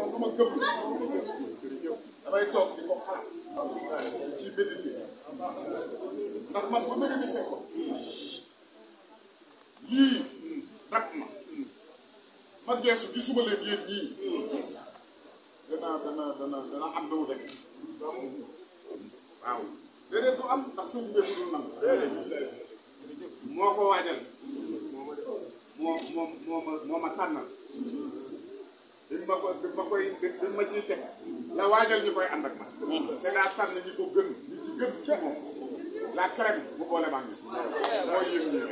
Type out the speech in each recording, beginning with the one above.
moom ma gëm damay toog di ko xaar ci médité ndax man bu ma geesu gisuma leen yéen mu dem ko waajal moo moo moo ma moo ko ma koy da ma ciy teg la waajal ñi koy ànd ak man. te daa tànn ñi ko gën ñi ci gën ca moom la crème bu boole maa ngi. mooy yéen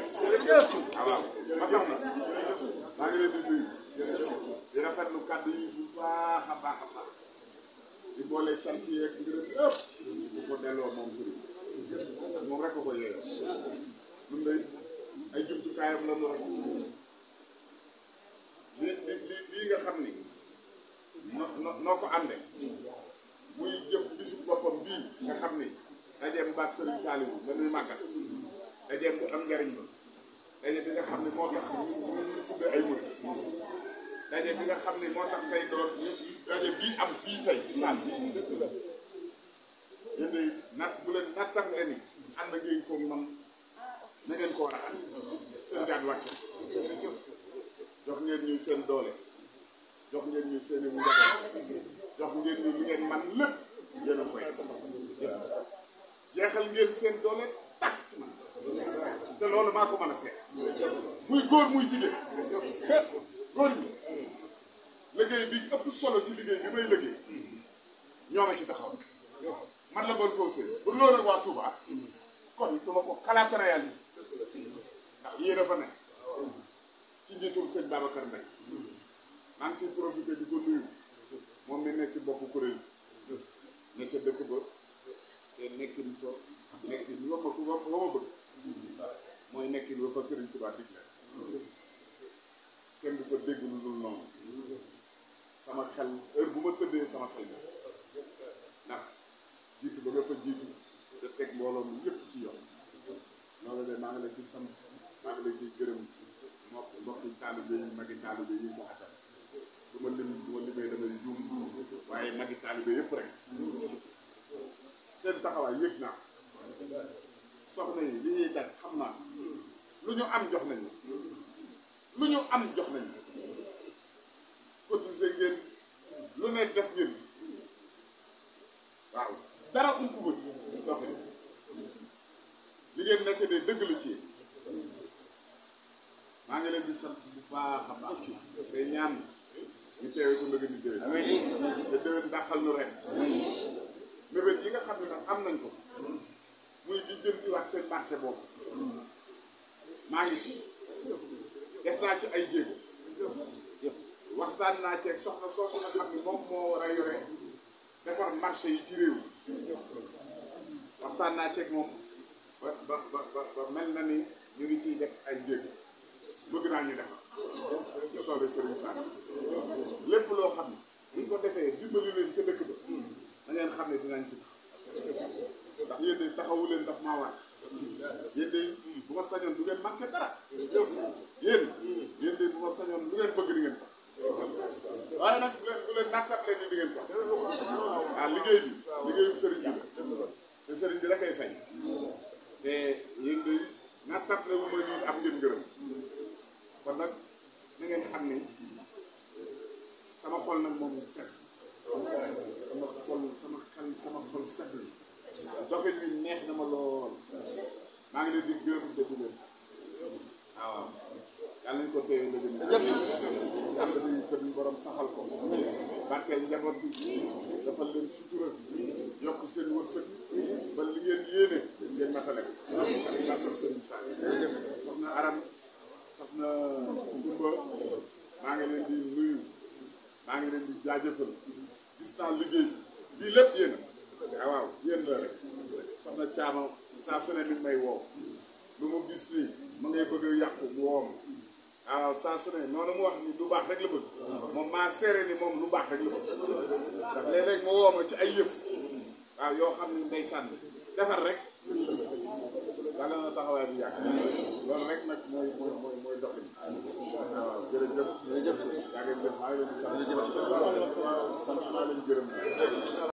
ah kàddu yi baax a baax a baax di boole cant yeeg ngërëm yëpp bu ko moom sëriñ moom rek ko ko yeeyoo. dundee ay jumtukaayam la mu baag Serigne Saliou ba muy màggal daje bu am njariñ ba daje bi nga xam ne moo tax ñu ñu ay mur daje bi nga xam ne moo tax tey doon daje bii am fii tey ci saal bi yéen day bu leen nattam leen it ànd ngeen ko man na ngeen ko a ànd seen gaat wàcce jox ngeen ñuy seen doole jox ngeen ñuy seen i jox ngeen ñu li ngeen man lépp yéen a jeexal ngeen seen doole tàkk ci man te loolu maa ko mën a seet muy góor muy jigéen góor ñi bi ëpp solo ci liggéey bi may liggéey ci taxaw man la bon foofu bu loolu ak waa Touba kon duma ko xalaat a réaliser ndax yéen a ne ci njiitul sëñ Babacar Mbaye maa ngi ciy profité di ko nuyu moom mi nekk ci bokk kuréel Tuubaa digle kenn du fa dégg lu dul noonu sama xel heure bu ma tëddee sama xel bi ndax jiitu ba nga fa jiitu te teg mbooloo mi yëpp ci yoon loolu de maa ngi leen di sant maa ngi leen di gërëm mbokk mbokki taalibe yi yi mu atal du ma lim du ma limee damay juum waaye magi taalibe yëpp rek seen taxawaay yëg naa soxna yi li ñuy daj xam naa lu ñu am jox nañu lu ñu am jox nañu cotisé ngeen lu ne def ngeen waaw dara ump ko ci dox li nekk de dëgg la ci maa ngi leen di sant bu baax a baax ci tey ñaan ñu teewee ko ndëgën di déwén te déwén dàqal ñu ren mébét yi nga xam ne nag am nañ ko muy di jëntiwaat seen marché boobu maa ngi ci def naa ci ay jéego waxtaan naa ceeg soxla soosu nga xam ne moom moo war a yore defar marché yi ci réew waxtaan naa ceeg moom ba ba ba ba mel na ni ñu ngi ciy def ay jéego bëgg naa ñu defar soobee Serigne lépp loo xam ne bu ko defee dimbali leen ca dëkk ba na xam ne dinañ ci tax ndax yéen taxawu leen daf maa war bu ma sañoon du ngeen manqué dara. jërëjëf yéen yéen de bu ma sañoon lu ngeen bëgg di ngeen ko. waaye nag bu leen bu leen nattaat leen di ngeen ko. ah liggéey bi liggéeyu sëriñ bi te sëriñ bi la koy fay te yéen de nattaat la wu ma ñu am ngeen gërëm kon nag na ngeen xam ne sama xol nag moom fees sama xol sama xel sama xol sedd joxe bi neex na loo. maa ngi leen di gërëm di leen sant waaw yàlla nañu ko téye la gën a. yàlla nañu seen borom saxal ko. barkeel njaboot bi defal leen sutura yokk seen wërsëg ba li ngeen yéene ngeen matale ko. waaw sëriñ Sa soxna Aram soxna Kumba maa ngi leen di nuyu maa ngi leen di jaajëfal gis naa liggéey bi lépp yéen waaw yéen soxna caamam saa su ne may woo lu mu gis lii ma ngay bëgg a yàqu mu woo ma waaw ah, saa su noonu mu wax ni lu baax rek la bëgg moom maa seere ni moom lu baax rek la bëgg ndax léeg mu woo ma ci ay yëf waaw ah, yoo xam ne ndeysaan defar rek yàlla na taxawaay bi yàgg loolu rek nag mooy mooy mooy mooy doxin waaw ah, jërëjëf jërëjëf yaa ngeen jëf maa ngi leen di sant maa ngi leen di gërëm